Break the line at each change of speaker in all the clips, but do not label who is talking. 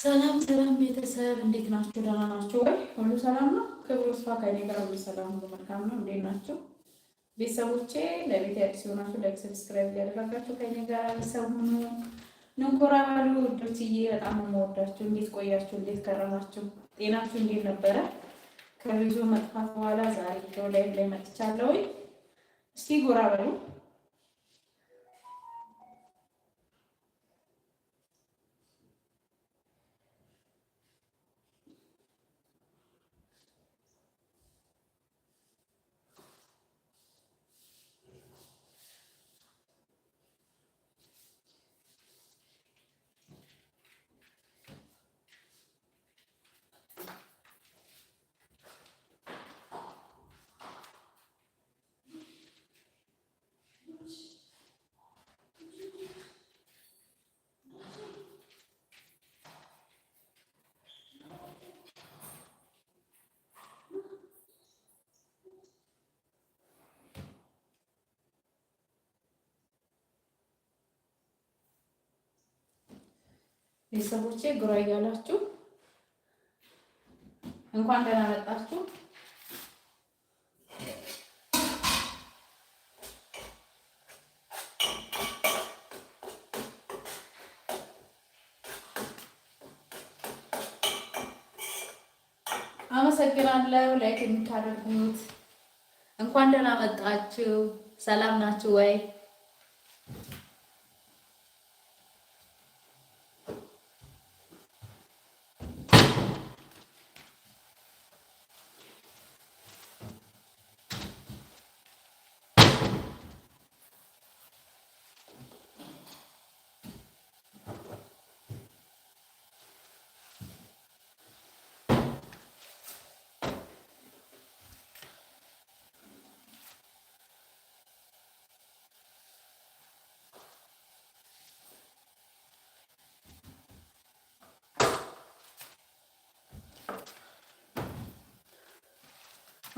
ሰላም ሰላም ቤተሰብ እንዴት ናችሁ? ደህና ናችሁ ወይ? ሁሉ ሰላም ነው? ክብሩ ስፋ ከኔ ጋር ሁሉ ሰላም፣ ሁሉ መልካም ነው። እንዴት ናችሁ ቤተሰቦቼ? ለቤት አዲስ የሆናችሁ ላይክ፣ ሰብስክራይብ እያደረጋችሁ ከኔ ጋር ሰው ሁኑ። ባሉ ውዶችዬ፣ በጣም የምወዳችሁ እንዴት ቆያችሁ? እንዴት ከረማችሁ? ጤናችሁ እንዴት ነበረ? ከብዙ መጥፋት በኋላ ዛሬ ላይ ላይ መጥቻለሁ። እስቲ ጎራ በሉ ቤተሰቦቼ ግራ እያላችሁ እንኳን ደህና መጣችሁ። አመሰግናለሁ ላይክ የምታደርጉት። እንኳን ደህና መጣችሁ። ሰላም ናችሁ ወይ?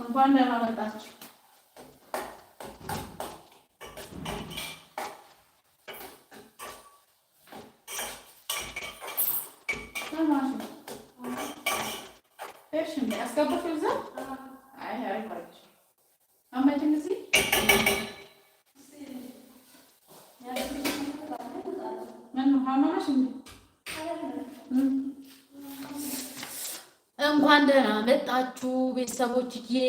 እንኳን ደህና መጣችሁ። ምን እንኳን ደህና መጣችሁ ቤተሰቦችዬ።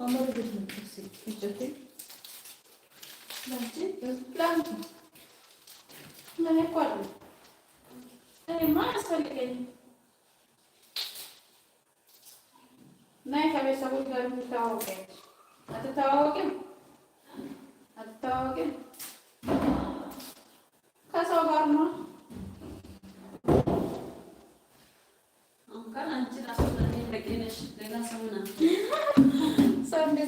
ናይ ከቤተሰቦች ጋር ትተዋወቂያለሽ? አትተዋወቂም? አትተዋወቂም? ጋር ነው።
አንቺ ራሱ በቂ ነሽ። ሌላ ሰው ነው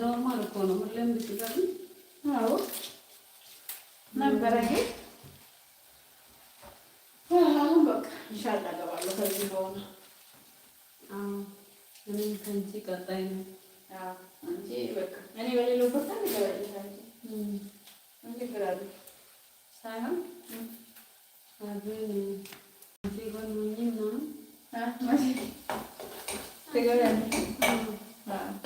ኖርማል እኮ ነው። ሁሌም ብትገቢ
ነበረ ይሄ አሁን በቃ ኢንሻላህ እገባለሁ ከዚህ በኋላ
እኔም ከእንጂ ቀጣይ ነው እንጂ በቃ
እኔ በሌለው ቦታ ገባለሁ እንጂ እላለሁ
ሳይሆን አብሬ አንቺ ጎን ሆኜ
ምናምን 这个人，嗯，啊。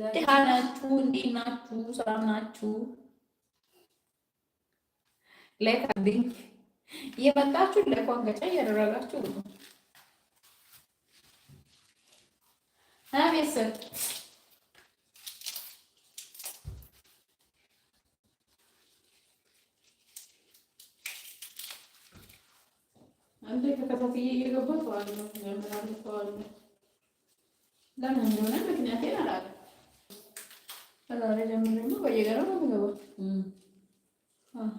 ደህና ናችሁ? እንዴት ናችሁ? ሰላም ናችሁ? ላይክ አድርጉኝ። እየመጣችሁ ላይኳን ገጫ እያደረጋችሁ ቤተሰብ አንዴ ተከታትዬ እየገባሁ ተዋለሁ። ለምን እንደሆነ ምክንያቴን አላውቅም። ከዛሬ ጀምሬ ነው በየቀኑ ነው የምገባው።